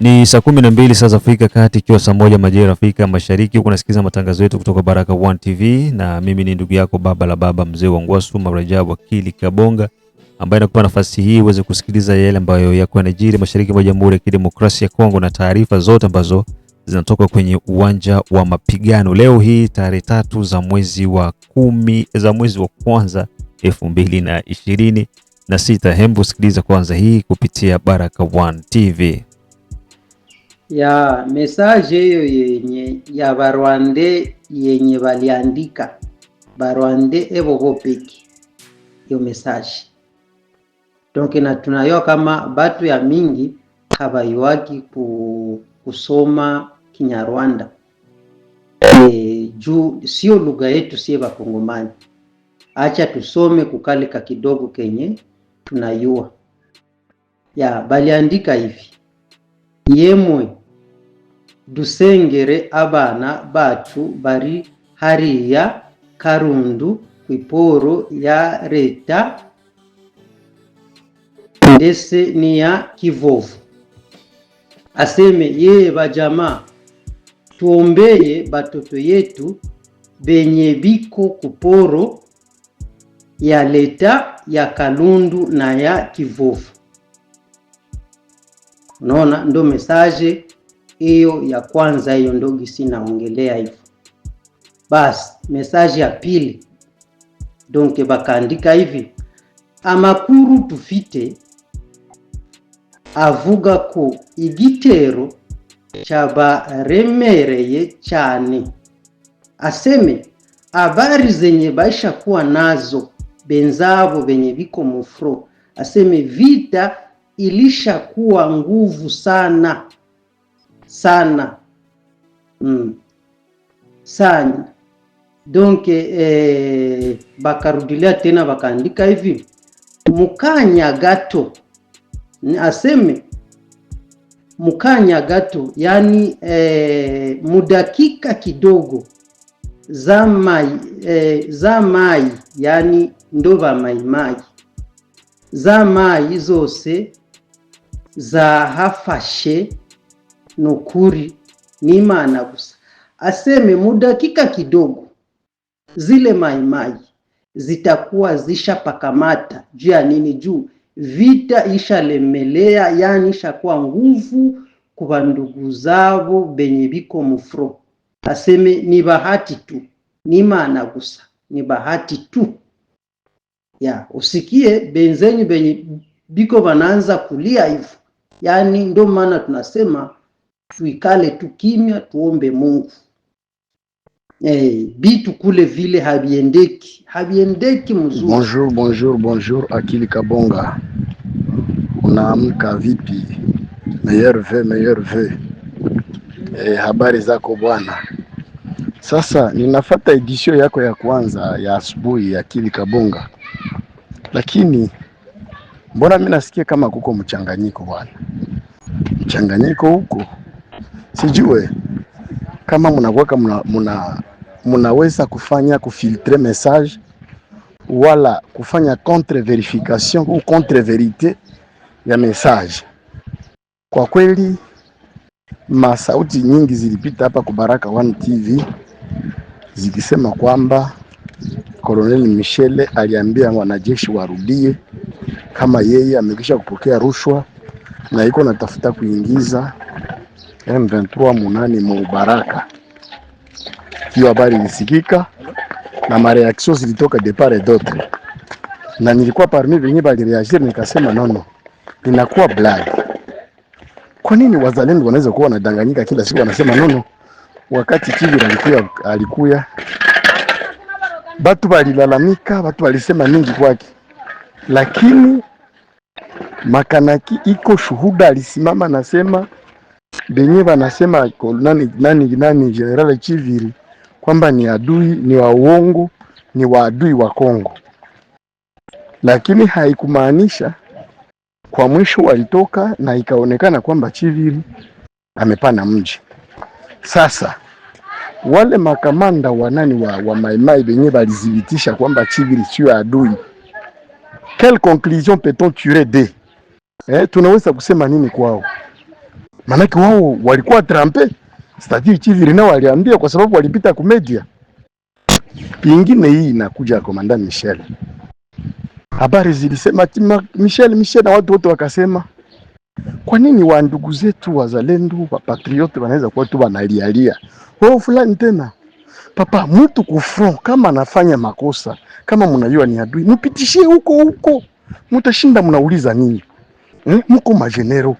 Ni saa kumi na mbili saa za Afrika Kati, ikiwa saa moja majira Afrika Mashariki. Huku nasikiliza matangazo yetu kutoka Baraka One TV, na mimi ni ndugu yako baba la baba mzee wa Ngwasu Marajabu Akili Kabonga, ambaye nakupa nafasi hii uweze kusikiliza yale ambayo yako yanajiri mashariki mwa Jamhuri ya Kidemokrasia ya Kongo na taarifa zote ambazo zinatoka kwenye uwanja wa mapigano. Leo hii tarehe tatu za mwezi wa kumi, za mwezi wa kwanza elfu mbili na ishirini na sita. Hembu sikiliza kwanza hii kupitia Baraka One TV ya mesaje hiyo yenye ya barwande yenye waliandika barwande evovo peke hiyo mesaje donke, na tunayo kama batu ya mingi habaiwaki ku, kusoma Kinyarwanda e, juu sio lugha yetu sie Bakongomani. Acha tusome kukalika kidogo kenye tunayua ya baliandika hivi yemwe dusengere abana bacu bari hariya Karundu Kw'iporo ya Leta ni n'iya Kivovu aseme ye bajama tuombeye batoto yetu benye biko kuporo ya leta ya Kalundu na ya Kivovu. Unaona, ndo mesaje hiyo ya kwanza hiyo ndogi sinaongelea hivyo. Basi mesaji ya pili donke bakaandika hivi amakuru tufite avuga ko igitero cyabaremereye cyane aseme abari zenye baisha kuwa nazo benzavo benye biko mufro aseme vita ilishakuwa nguvu sana sana mm. sana donc eh, bakarudilia tena bakaandika hivi mukanya gato aseme mukanya gato yani eh, mudakika kidogo za mai eh, za mai yani ndova maimai za mai zose za hafashe nukuri imana gusa aseme mu dakika kidogo zile maimai zitakuwa zishapakamata juu ya nini? Juu vita ishalemelea, yani ishakuwa nguvu kwa ndugu zabo benye biko mufro. Aseme ni bahati tu, ni maana gusa ni bahati tu ya usikie benzenyu benye biko bananza kulia hivyo, yani ndo maana tunasema tuikale tu kimya, tuombe Mungu. Eh, bitu kule vile habiendeki, habiendeki mzuri. Bonjour, bonjour, bonjour Akili Kabonga, unaamka vipi? Meilleur vœu, meilleur vœu. Eh, habari zako bwana. Sasa ninafata edisio yako ya kwanza ya asubuhi ya Akili Kabonga, lakini mbona mimi nasikia kama kuko mchanganyiko bwana, mchanganyiko huko sijue kama mnakuwaka mna, mna, munaweza kufanya kufiltre message wala kufanya contre verification ou contre verite ya message. Kwa kweli masauti nyingi zilipita hapa kwa Baraka One TV zikisema kwamba Colonel Michele aliambia wanajeshi warudie kama yeye amekisha kupokea rushwa na iko natafuta kuingiza M23 Munani mu Baraka. Hiyo habari ilisikika na mareaksio zilitoka de part et d'autre, na nilikuwa parmi venye balireagir, nikasema nono, ninakuwa blague. Kwa nini wazalendo wanaweza kuwa wanadanganyika kila siku, wanasema nono, wakati kivi alikuya, alikuya batu balilalamika, batu balisema mingi kwake, lakini makanaki iko shuhuda, alisimama nasema benye wanasema nani, nani, nani General Chiviri kwamba ni adui ni wa uongo ni waadui wa Kongo, lakini haikumaanisha kwa mwisho walitoka na ikaonekana kwamba Chiviri amepana mji. Sasa wale makamanda wanani wa, wa maimai benye balizibitisha kwamba Chiviri sio adui. Quelle conclusion peut-on tirer de eh, tunaweza kusema nini kwao? Maanake wao walikuwa trampe, stati chizi lina waliambia, kwa sababu walipita kumedia. Pingine hii inakuja ya komandani Michel, habari zilisema Michel Michel, na watu wote wakasema, kwa nini wa ndugu zetu wazalendo patriote wanaweza kuwa tu wanalialia wao fulani tena Papa, mtu kufro kama anafanya makosa, kama mnajua ni adui, mpitishie huko huko, mutashinda mnauliza nini? Mko hmm, majenero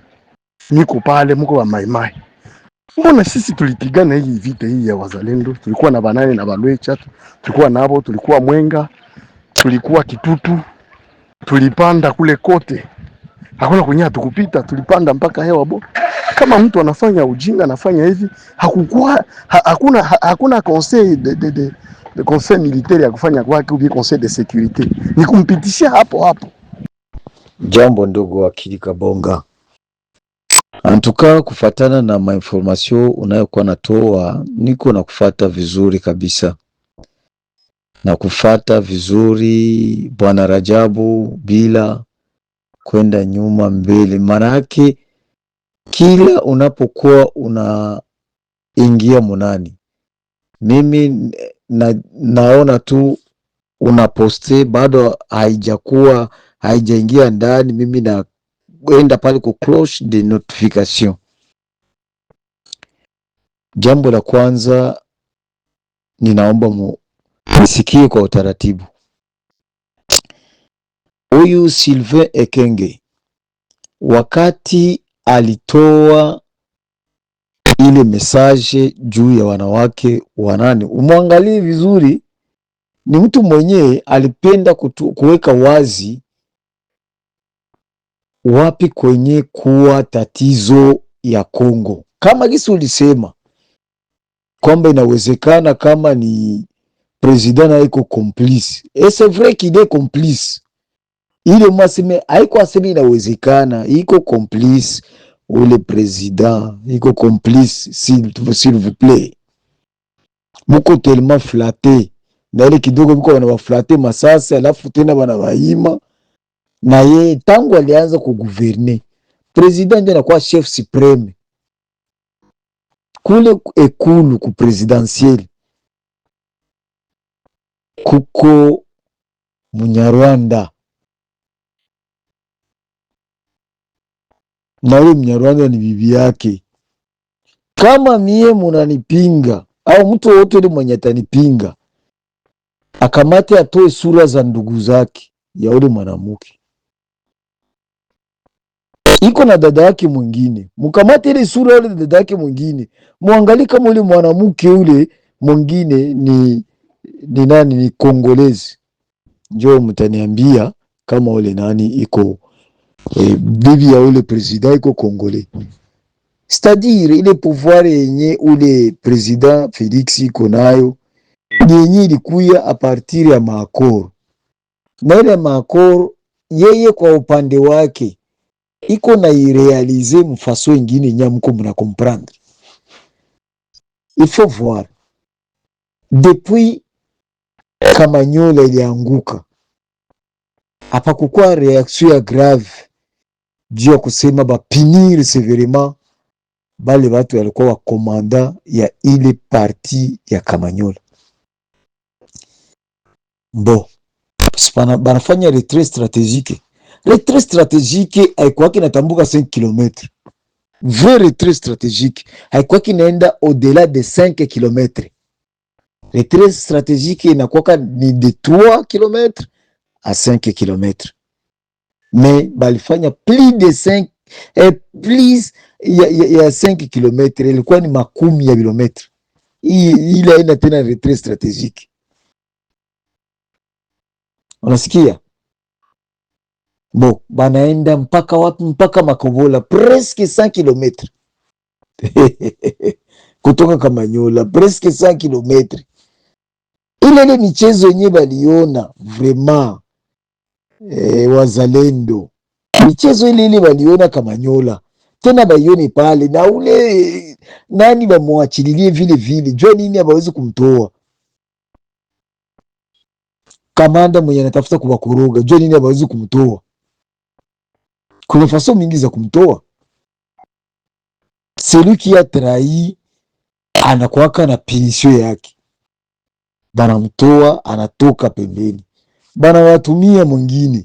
niko pale, mko wa maimai. Mbona sisi tulipigana hii vita hii ya wazalendo? Tulikuwa na banane na balwecha, tulikuwa nabo, tulikuwa Mwenga, tulikuwa Kitutu, tulipanda kule kote, hakuna kwenye tukupita, tulipanda mpaka hewa bo. Kama mtu anafanya ujinga, anafanya hivi, hakukua ha, hakuna ha, hakuna conseil de, de, de, de conseil militaire ya kufanya kwake, ubi conseil de securite, ni kumpitishia hapo hapo. Jambo ndugu wakili Kabonga, Antuka kufatana na mainformasio unayokuwa natoa, niko na kufata vizuri kabisa, na kufata vizuri bwana Rajabu, bila kwenda nyuma mbele. Maana yake kila unapokuwa unaingia munani, mimi na, naona tu unaposte bado haijakuwa haijaingia ndani, mimi na kuenda pale ku close the notification. Jambo la kwanza ninaomba msikie kwa utaratibu. Huyu Sylvain Ekenge wakati alitoa ile message juu ya wanawake wanane, umwangalie vizuri, ni mtu mwenyewe alipenda kuweka wazi wapi kwenye kuwa tatizo ya Kongo, kama gisi ulisema kwamba inawezekana kama ni president haiko complice et c'est vrai qu'il est complice ile mwaseme haiko aseme inawezekana iko complice ule president iko complice, s'il vous plaît, muko tellement flaté na ile kidogo biko bana baflate masasi, alafu tena bana baima na yeye tangu alianza kuguverne president ndio anakuwa chef supreme kule ekulu ku presidentiel kuko Munyarwanda na ule Mnyarwanda ni bibi yake. Kama mie munanipinga au mtu wote ile mwenye atanipinga akamate atoe sura za ndugu zake ya ule mwanamke iko na dada yake mwingine, mkamate ile sura yule dada yake mwingine, muangalie kama ule mwanamke ule mwingine ni ni nani, ni Kongolezi. njo mtaniambia kama ule nani iko e, bibi ya ule president iko Kongole, stadire ile pouvoir yenye ule president Felix iko nayo yenye ilikuya a partir ya maakoro na ile maakoro, yeye kwa upande wake iko na irealize mfaso ingine nyamuko muna comprendre il faut voir depuis Kamanyola ilianguka kukua reaction ya grave juu ya kusema bapinire severement bale batu walikuwa wakomanda ya ile parti ya Kamanyola bo banafanya retrait strategique retrait strategique haikuwaki natambuka 5 km vrai retrait strategique haikuwaki naenda au-delà de 5 km retrait strategique inakuwaka ni de 3 km à 5 km mais balifanya plus de 5 eh, plus ya, ya, ya 5 km ilikuwa ni makumi ya kilometre ile aina tena retrait strategique unasikia Bo banaenda mpaka wapi? Mpaka Makobola, presque 100 km kutoka Kamanyola, presque 100 km. Ile ile michezo yenyewe waliona vraiment eh, wazalendo michezo ile ile baliona Kamanyola tena baione pale na ule nani bamwachililie vile vile, jua nini abawezi kumtoa kamanda mwenye anatafuta kuwakoroga, jua nini abawezi kumtoa kuna faso mingi za kumtoa seluki trahi, anakuwaka na pinisio yake, banamtoa anatoka pembeni, banawatumia mwingine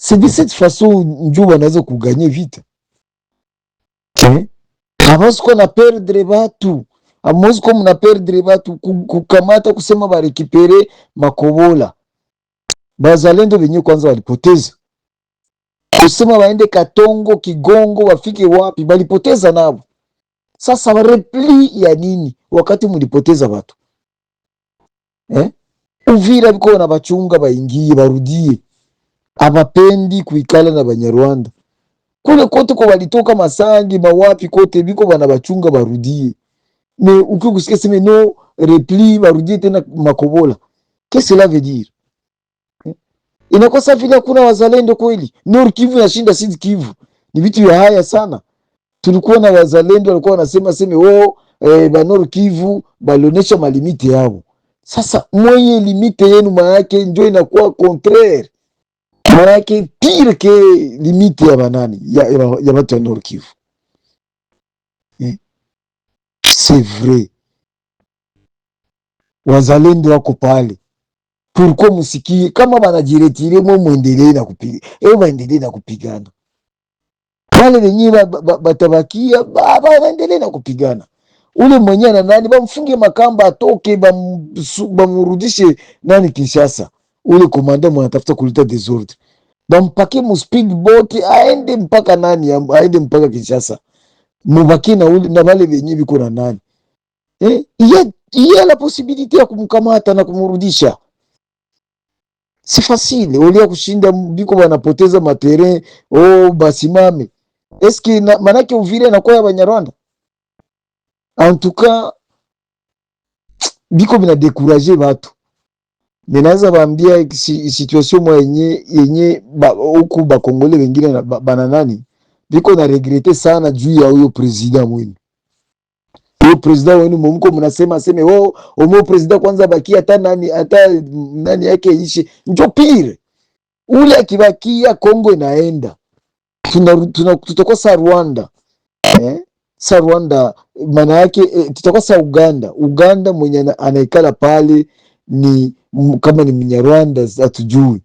seviset faso njo wanaweza kuganye vita okay. Eh? Amosko na perdre batu amosko mna perdre batu kukamata kusema barikipere makobola bazalendo venye kwanza walipoteza kusema waende Katongo, Kigongo, wafike wapi? Balipoteza nabo. Sasa warepli ya nini wakati mulipoteza watu eh? Uvira biko na bachunga baingie barudie, abapendi kuikala na Banyarwanda kule kote kwa walitoka Masangi mawapi kote biko bana bachunga barudie. Me ukikusikia sema no repli barudie tena Makobola, qu'est-ce cela Inakosa vile hakuna wazalendo kweli. Nord Kivu inashinda Sud Kivu. Ni vitu vya haya sana. Tulikuwa na wazalendo walikuwa wanasema seme wao oh, eh, ba Nord Kivu balionesha malimite yao. Sasa mwenye limite yenu maana yake ndio inakuwa contraire. Maana yake pire ke limite ya banani ya ya watu wa Nord Kivu. Eh. C'est vrai. Wazalendo wako pale. Turko musikie kama banajiretire mwe muendelee na kupiga e waendelee na kupigana wale wenye batabakia baba waendelee na kupigana. Ule mwenye na nani bamfunge makamba atoke, bamurudishe nani Kinshasa. Ule komanda mwana tafuta kuleta desordre, bampake mu speed boat aende ah, mpaka nani, aende ah, mpaka Kinshasa, mubaki na ule na wale wenye biko na nani eh, iye la possibilité ya kumkamata na kumurudisha si fasile olia kushinda biko banapoteza materen o oh, basimame eske na, manake Uvira inakuwa ya Banyarwanda antuka biko binadekuraje batu ninaweza baambia si, situation mwa yenye yenye huku ba, bakongole wengine bananani biko na regrete sana juu ya huyo president mwini huyo presida wenu mumko mnasema aseme wao oh, oh, umo presida kwanza baki hata nani hata nani yake ishi njo pire ule akibakia Kongo inaenda tutakuwa sa Rwanda eh? sa Rwanda maana yake eh, tutakuwa sa Uganda. Uganda mwenye anaikala pale ni kama ni Mnyarwanda atujui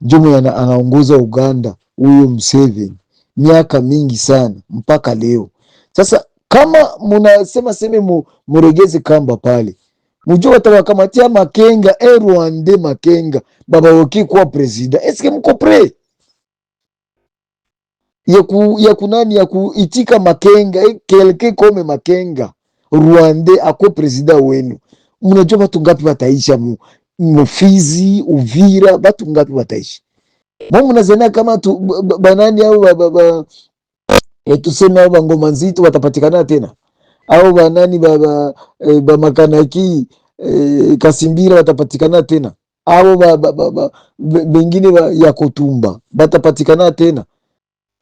njo mwenye anaongoza Uganda huyo Museveni miaka mingi sana mpaka leo sasa kama munasema seme mu, muregeze kamba pale mujo watawakamatia Makenga erwande eh, Makenga baba woki kuwa presida, eske mko pre ya, ku, ya kunani ya kuitika Makenga e kelke kome Makenga Rwande akwe presida wenu. Munajua batu ngapi wataisha mu mufizi Uvira, batu ngapi wataisha? mbona zenaka kama tu, banani au e, tuseme au bangoma nzito watapatikana tena au banani baba e, eh, ba makanaki e, kasimbira watapatikana tena au ba, ba, ba, ba, bengine ba, ya kotumba batapatikana tena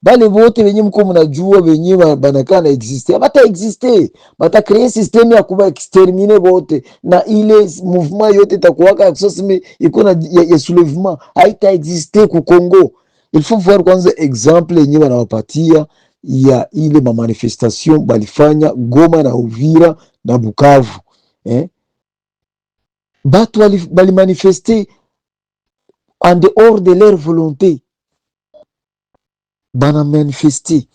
bale bote benye mko mnajua benye banakana existe bata existe bata create system ya kuba extermine bote na ile mouvement yote takuwaka ya kusosime iko na ya, ya soulevement haita existe ku Congo. Il faut voir kwanza exemple yenye wanawapatia ya ile mamanifestation balifanya Goma na Uvira na Bukavu eh? Batu balimanifeste en dehors de leur volonté, banamanifeste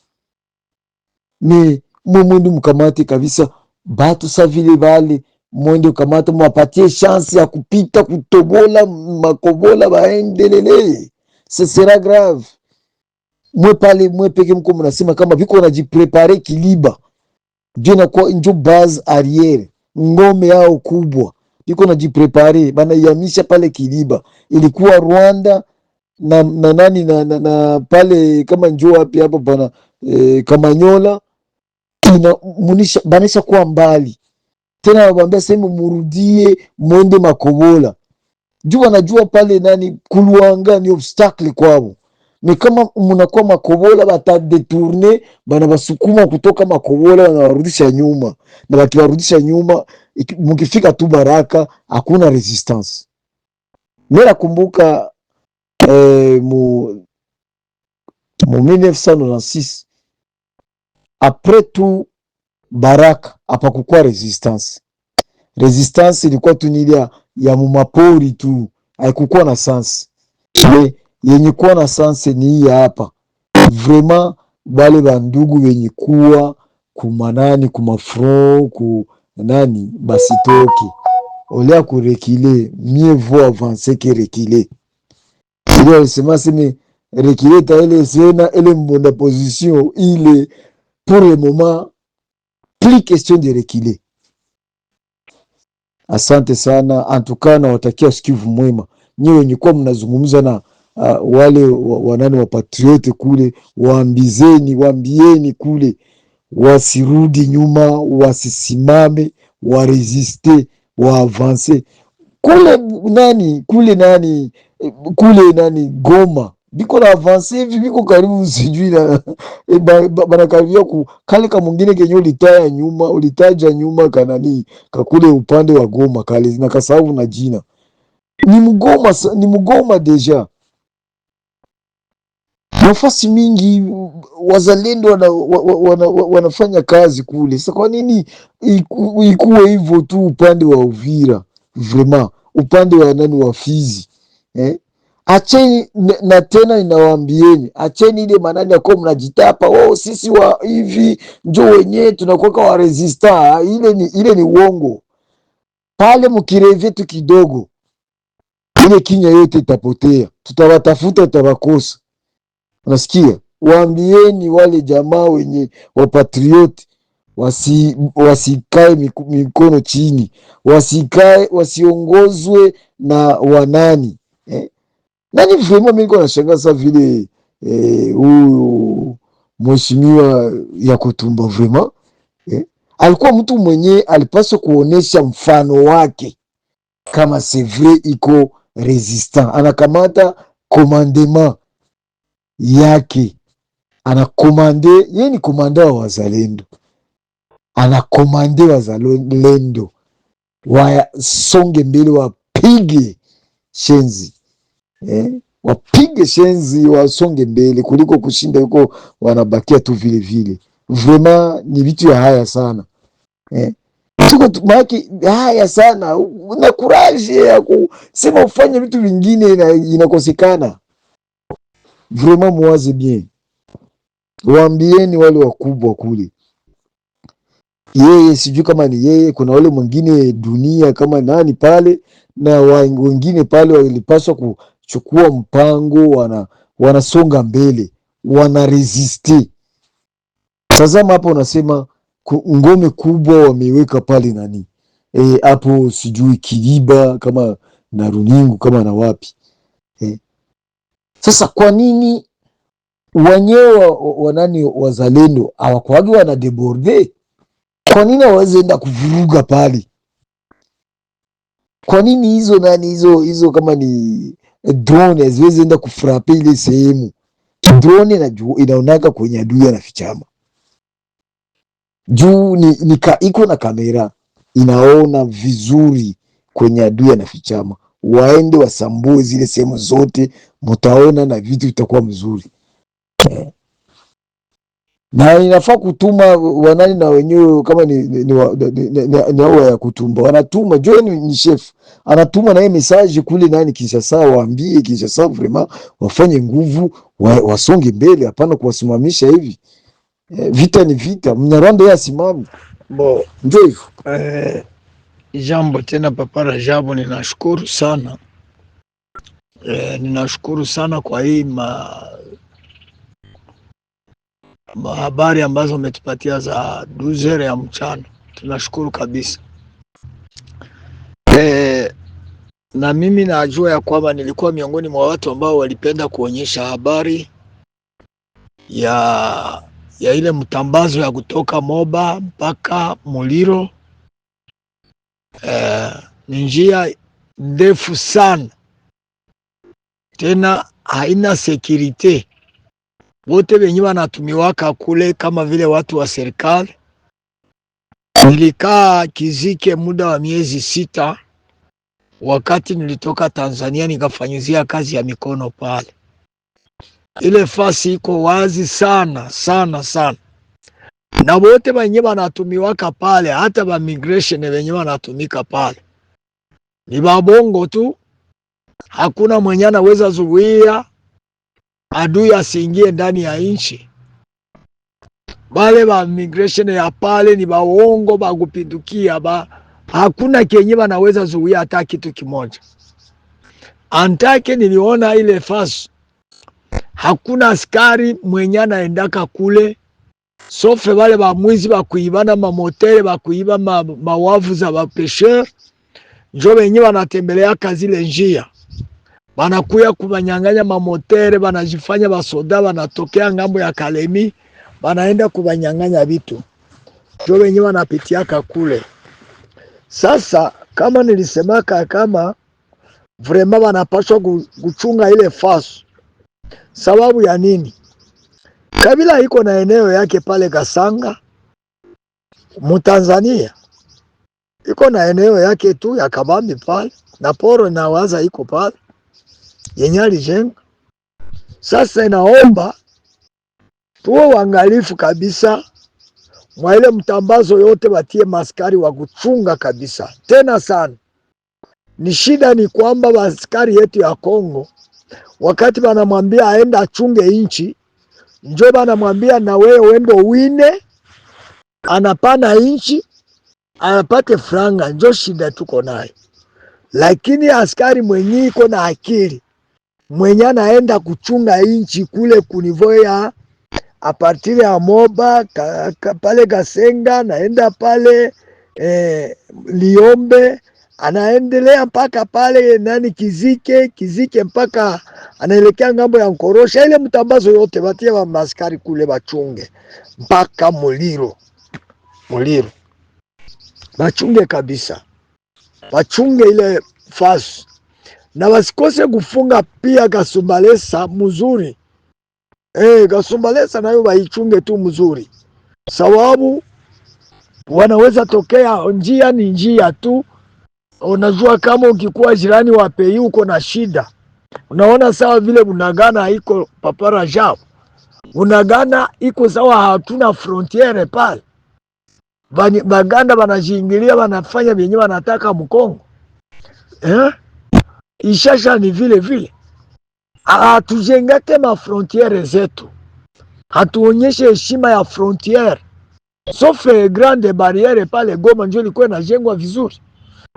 me mwemwende mkamate kabisa batu sa vile bale mwende ukamate mwapatie chance ya kupita kutobola makobola, baendelele, ce sera grave mwe pale mwe peke mko mnasema kama viko wanajiprepare kiliba, ndio na kwa njo base arriere ngome yao kubwa, viko najiprepare banaiamisha pale Kiliba. Ilikuwa Rwanda na, na nani na, na, na pale kama njo wapi hapa bana e, eh, kama nyola Kamanyola munisha banisha kuwa mbali tena, wabambia sehemu murudie mwende Makobola juu wanajua pale nani Kuluanga ni obstacle kwao me kama munakuwa makobola batadetourne bana basukuma kutoka makobola wanawarudisha nyuma, na bakiwarudisha nyuma mukifika tu Baraka hakuna resistance. Mimi nakumbuka eh, mu, mu 1996 apres tu Baraka kukua resistance. Resistance ilikuwa tu nilia ya mumapori tu, haikukua na sansi yenye kuwa na sense ni hii hapa vraiment bale bandugu wenye kuwa kumanani kumafro ku nani basitoke olea kurekile mie vo avanse ke rekile ile alisema seme rekile ta ele sena ele mbonda position ile pour le moment plus question de rekile. Asante sana antukana, watakia usikivu mwema nyewe wenye kuwa mnazungumza na uh, wale wanani wapatrioti kule, waambizeni waambieni kule wasirudi nyuma, wasisimame, waresiste, waavanse kule nani kule nani kule nani Goma biko na avanse hivi biko karibu sijui na e, banakaribia ba, ku kale ka mwingine kenye ulitaya nyuma ulitaja nyuma kanani kakule upande wa Goma kale na kasabu na jina ni mgoma ni mgoma deja nafasi mingi wazalendo wana, wana, wana, wanafanya kazi kule. Sasa kwa nini ikuwe hivyo tu upande wa Uvira vrema upande wa nani wa Fizi eh? Acheni na tena ninawaambieni, acheni ile manani ya yakuwa mnajitapa oh, sisi wa hivi njo wenyewe tunakuwa wa resista. Ah, ile ni, ile ni uongo pale, mkirevye tu kidogo ile kinya yote itapotea, tutawatafuta, tutawakosa Unasikia, waambieni wale jamaa wenye wapatrioti wasi, wasikae mikono chini, wasikae wasiongozwe na wanani eh? Nani vrema miko nashangaa sa vile eh, huyu eh, mheshimiwa ya kutumba vrema eh? Alikuwa mtu mwenye alipaswa kuonesha mfano wake kama sevre iko resistant anakamata komandema yake anakomande, yeye ni komanda wa wazalendo, anakomande wazalendo wasonge mbele, wapige shenzi eh? wapige shenzi wasonge mbele kuliko kushinda yuko wanabakia tu vile vile. Vrema ni vitu ya haya sana eh? tuko maki haya sana na kuraje ya kusema ufanye vitu vingine inakosekana ina vraiment muwaze bien, waambieni wale wakubwa kule, yeye sijui kama ni yeye, kuna wale mwingine dunia kama nani pale, na wengine pale walipaswa kuchukua mpango, wana wanasonga mbele, wanaresiste. Tazama hapo unasema ngome kubwa wameweka pale nani eh, hapo, e, sijui Kiliba kama na Runingu kama na wapi sasa kwa nini wenyewe wanani wazalendo hawakwagi wana deborde? Kwa nini hawawezi enda kuvuruga pale? Kwa nini hizo nani hizo hizo kama ni eh, drone haziwezi enda kufrape ile sehemu? Drone inaonaka kwenye adui anafichama juu ni, ni ka, iko na kamera inaona vizuri kwenye adui anafichama waende wasambue zile sehemu zote, mutaona na vitu vitakuwa mzuri eh. Na inafaa kutuma wanani na wenyewe kama ni, ni, ni, ni, ni, ni, ni ya kutumba wanatuma jo ni, ni chef anatuma naye message kule nani Kinshasa, waambie Kinshasa vraiment wafanye nguvu wa, wasonge mbele, hapana kuwasimamisha hivi eh, vita ni vita, Mnyarwanda yeye asimame bo njo hivyo eh. Jambo tena Papa Rajabu, ninashukuru sana e, ninashukuru sana kwa hii ma habari ambazo umetupatia za duzere ya mchana, tunashukuru kabisa e, na mimi najua ya kwamba nilikuwa miongoni mwa watu ambao walipenda kuonyesha habari ya ya ile mtambazo ya kutoka Moba mpaka Muliro Eh, ni njia ndefu sana tena haina sekirite. Wote wenye wanatumiwaka kule kama vile watu wa serikali. Nilikaa Kizike muda wa miezi sita wakati nilitoka Tanzania, nikafanyizia kazi ya mikono pale. Ile fasi iko wazi sana sana sana na wote wenye banatumiwaka pale, hata ba migration wenye wanatumika pale ni babongo tu. Hakuna mwenye anaweza zuia adui asiingie ndani ya nchi. Bale ba migration ya pale ni baongo ba kupindukia ba, hakuna kenye wanaweza zuia hata kitu kimoja. Antake niliona ile fasi, hakuna askari mwenye anaendaka kule Sauf wale bamwizi bakuibana mamotere bakuiba ma, mawavu za bapesheur njo benye banatembelea kazile njia, banakuya kubanyanganya mamotere, banajifanya basoda, banatokea ngambo ya Kalemi, banaenda kubanyanganya vitu, njo benye banapitiaka kule. Sasa kama nilisemaka, kama vrema banapashwa kuchunga ile fasu sababu ya nini? Kabila iko na eneo yake pale Kasanga, Mutanzania iko na eneo yake tu ya kabambi pale na poro na waza iko pale yenye alijenga. Sasa inaomba tuwe waangalifu kabisa mwa ile mtambazo yote, watie maskari wa kuchunga kabisa tena sana. Ni shida ni kwamba maskari yetu ya Kongo wakati wanamwambia aenda achunge nchi Njoba anamwambia na wewe uende uwine, anapana inchi anapate franga, njo shida tuko nayo. Lakini askari mwenye iko na akili mwenye anaenda kuchunga inchi kule kunivo ya apartiri ya Moba ka, ka, pale Kasenga naenda pale eh, Liombe anaendelea mpaka pale nani Kizike Kizike, mpaka anaelekea ngambo ya Nkorosha, ile mtambazo yote batie wa maskari kule bachunge mpaka Muliro. Muliro bachunge kabisa, bachunge ile fasi, na wasikose kufunga pia Kasumbalesa mzuri. Eh, Kasumbalesa nayo baichunge tu mzuri, sababu wanaweza tokea njia, ni njia tu Unajua, kama ukikuwa jirani wa pei uko na shida, unaona sawa vile Bunagana iko papara jao, Bunagana iko sawa, hatuna frontiere pale. Baganda banajiingilia wanafanya vyenye wanataka Mkongo eh? Ishasha ni vile vile, hatujengake mafrontiere zetu, hatuonyeshe heshima ya frontiere, sauf grande barriere pale Goma njo ilikuwa inajengwa vizuri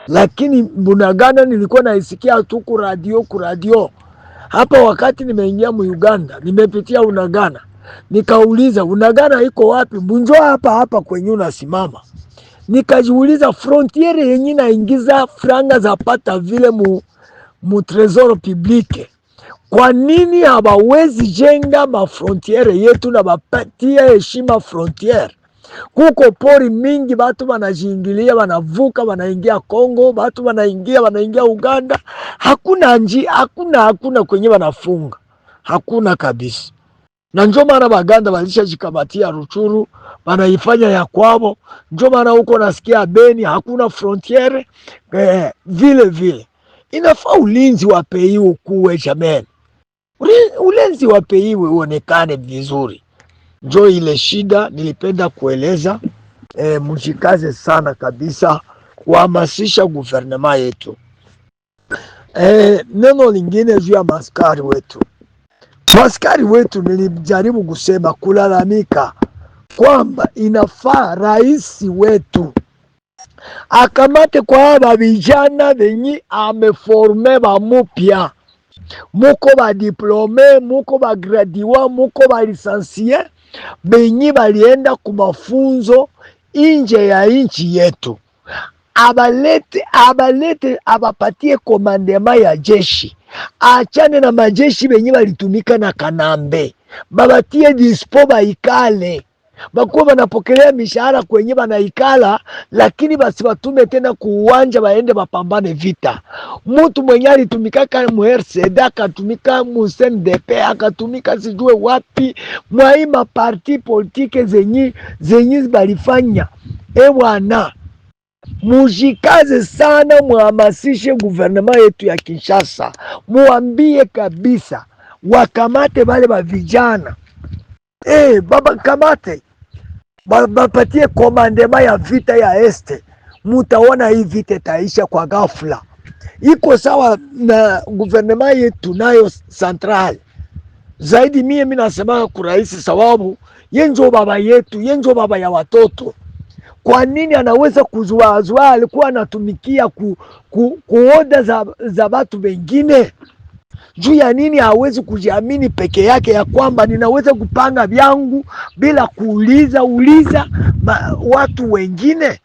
lakini Bunagana nilikuwa naisikia tu kuradio kuradio. Hapa wakati nimeingia Muuganda, nimepitia Unagana, nikauliza Unagana iko wapi? Mbunjwa hapa hapa kwenye unasimama. Nikajiuliza frontiere yenye naingiza franga za pata vile mu, mu tresoro publike, kwa nini hawawezi jenga mafrontiere yetu na bapatia heshima frontiere kuko pori mingi, batu banajingilia banavuka banaingia Kongo, batu banaingia banaingia Uganda. Hakuna nji hakuna hakuna kwenye banafunga, hakuna kabisa. Na njo maana baganda jikamatia Ruchuru, banaifanya ya kwabo. Njo maana huko nasikia Beni hakuna frontiere eh, vile vile inafaa ulinzi wa peiwe kuwe jamani, ulinzi wa peiwe uonekane vizuri njo ile shida nilipenda kueleza. E, eh, mjikaze sana kabisa kuhamasisha guvernema yetu. E, neno lingine juu ya maskari wetu, maskari wetu nilijaribu kusema kulalamika kwamba inafaa rais wetu akamate kwa aba vijana venyi ameforme bamupya, muko badiplome, muko bagradiwa, muko balisansie benye balienda kumafunzo nje ya nchi yetu abalete abalete abapatie komandema ya jeshi, achane na majeshi benye balitumika na Kanambe, babatie dispo baikale bakuwa banapokelea mishahara kwenye banaikala, lakini basibatume tena kuuwanja, baende bapambane vita. Mutu mwenye alitumikaka MRCD akatumika MSNDP akatumika sijue wapi mwaima parti politike zenyi zenyi balifanya. ewana mujikaze sana, muhamasishe guvernema yetu ya Kinshasa, muambie kabisa wakamate bale bavijana. E, baba kamate bapatie komandema ya vita ya este, mutaona hii vita itaisha kwa ghafla. Iko sawa na guvernema yetu nayo central zaidi. Mie minasema kurahisi, sababu yenjo baba yetu, yenjo baba ya watoto. Kwa nini anaweza kuzuazua? Alikuwa anatumikia ku, ku, kuoda za, za batu bengine juu ya nini hawezi kujiamini peke yake, ya kwamba ninaweza kupanga vyangu bila kuuliza uliza ma, watu wengine.